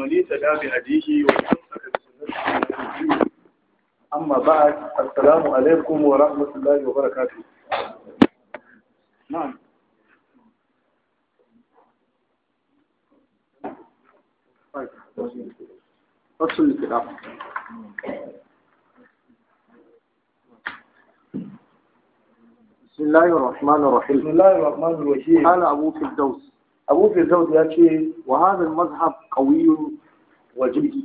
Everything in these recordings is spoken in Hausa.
ومن يتبع بهديه أما بعد السلام عليكم ورحمة الله وبركاته نعم فصل الكتاب بسم الله الرحمن الرحيم بسم الله الرحمن الرحيم قال أبو فردوس abu firdaus ya ce wa hadha mazhab qawiyyun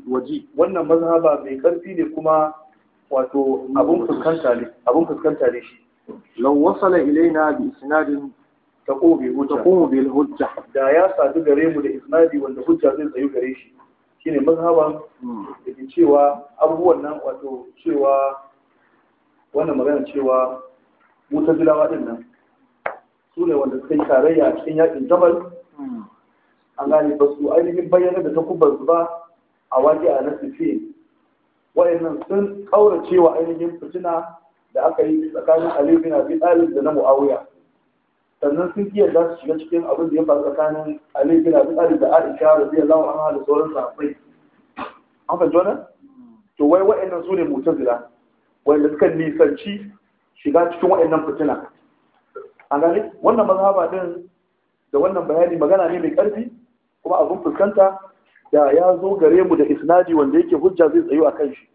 waji wannan mazhaba mai karfi ne kuma wato abun fuskanta ne abun fuskanta ne shi law wasala ilaina bi isnadin takobin bil hujja da ya sadu gare mu da isnadi wanda hujja zai tsayu gare shi shine mazhaban da ke cewa abubuwan nan wato cewa wannan magana cewa mutazilawa din nan su ne wanda suka yi tarayya a cikin yakin jabal Hmm. an gane ba su ainihin bayyana da takubar su ba a waje a nasu ce wa'annan sun kaura cewa ainihin fitina da aka yi tsakanin aliyu bin abi talib da na muawiya sannan sun kiyar za su shiga cikin abin da ya faru tsakanin aliyu bin abi talib da aisha lawa anha da sauran sahabbai an fahimci wannan to wai wa'annan su ne zira, wanda suka nisanci shiga cikin wa'annan fitina a gane wannan mazhaba din da wannan bayani magana ne mai ƙarfi kuma abin fuskanta da ya zo gare mu da isnadi wanda yake hujja zai tsayo a kan shi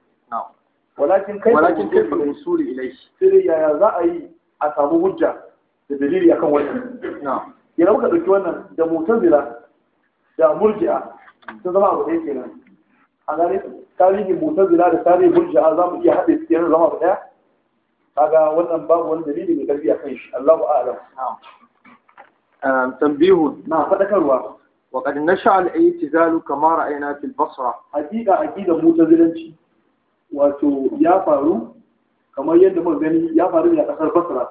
walakin kai walakin kai fa musuli ilai sai yaya za a yi a samu hujja da dalili akan wannan na'am idan muka dauki wannan da mutazila da murji'a sun zama abu ɗaya kenan a gane tarihin mutazila da tarihin murji'a za mu iya haɗe su kenan zama abu ɗaya kaga wannan babu wani dalili mai ƙarfi a kan shi Allahu a'lam na'am tambihun na faɗakarwa na وقد نشأ الاعتزال كما رأينا في البصرة حقيقة حقيقة متزلنشي wato ya faru kamar yadda mun gani ya faru ne a kasar Basra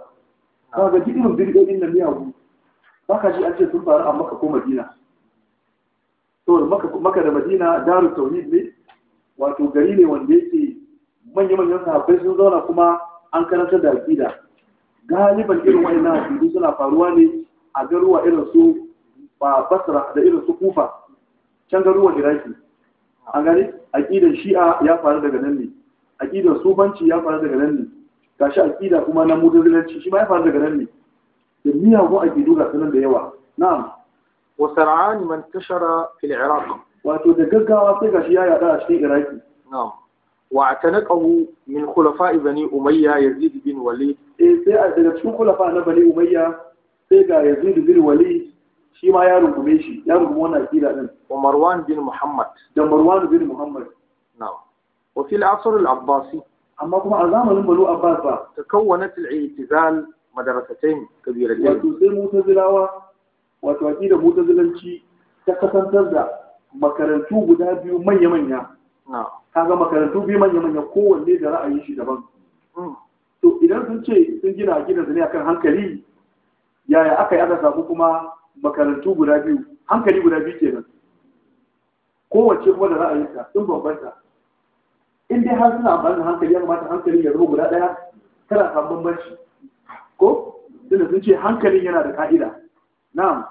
ka ga irin birgogin nan ne abu baka ji an ce sun faru a maka ko Madina to maka da Madina daru tauhid ne wato gari ne wanda yake manya manyan sahabbai sun zauna kuma an karanta da aqida galiban irin wannan hadisi suna faruwa ne a garuwa irin su ba basra da irin su kufa can garuwa iraki A gani aƙidar shi'a ya faru daga nan ne aƙidar sufanci ya faru daga nan ne gashi aƙida kuma na mudazilanci shi ma ya faru daga nan ne da miyagun aƙidu ga sanan da yawa na'am wa sar'ani man tashara fil iraq wato da gaggawa sai gashi ya yada a cikin iraki na'am wa atanaqahu min khulafa'i bani umayya yazid bin walid eh sai a daga cikin khulafa na bani umayya sai ga yazid bin Wali, shi ma ya rungume shi ya rungume wannan akida din wa marwan bin muhammad da marwan bin muhammad na'am wa fil asr al abbasi amma kuma a zamanin Balu abbas ba takawwanat al i'tizal madrasatayn kabiratayn wato sai mutazilawa wato akida mutazilanci ta kasantar da makarantu guda biyu manya manya kaga makarantu biyu manya manya kowanne da ra'ayin shi daban mm. to idan sun ce sun gina gidan ne akan hankali yaya aka yi aka samu kuma makarantu guda biyu hankali guda biyu kenan kowace kuma da ra'ayinka sun bambanta in dai har suna amfani da hankali ya kamata hankalin ya zama guda ɗaya tana samun bambanci ko tunda sun ce hankalin yana da ka'ida na'am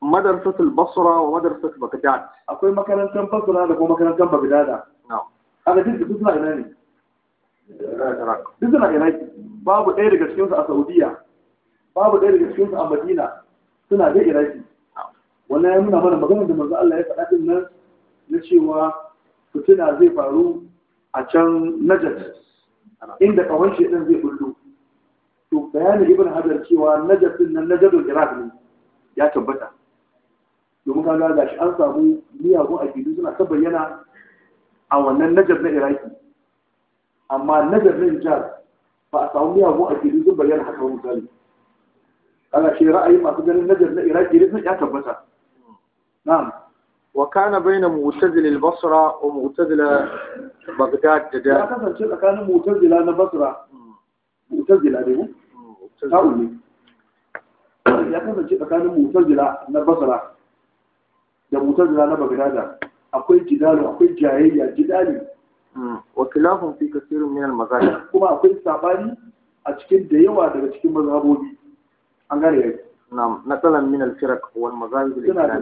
madarsatul basra wa madarsatul bagdad akwai makarantar basra da kuma makarantar bagdada na'am aka ce duk suna ina ne duk suna iraki babu ɗaya daga cikinsu a saudiya babu ɗaya daga cikinsu a madina suna da iraki wannan ya nuna mana maganar da manzo Allah ya faɗa din nan na cewa fitina zai faru a can najat inda kawai shedan zai bullo to bayanin ibn hajar cewa najat din nan najadul iraq ne ya tabbata domin kaga gashi an samu miyagun akidu suna ta bayyana a wannan najat na iraki amma najar na hijaz ba a samu miyagun akidu sun bayyana haka misali kaga shi ra'ayi masu ganin najar na iraki ne ya tabbata na'am wa kana baina mu'tazila al-basra wa mu'tazila baghdad da da ya kasance tsakanin mu'tazila na basra mu'tazila ne mu ta'uli ya kasance tsakanin mu'tazila na basra da mu'tazila na baghdad akwai jidalu akwai jayayya jidali hmm. wa khilafun fi kaseerin min al-mazahib kuma akwai sabani a cikin da yawa daga cikin mazhabobi an gane minal tsalan min al-firaq wal mazahib al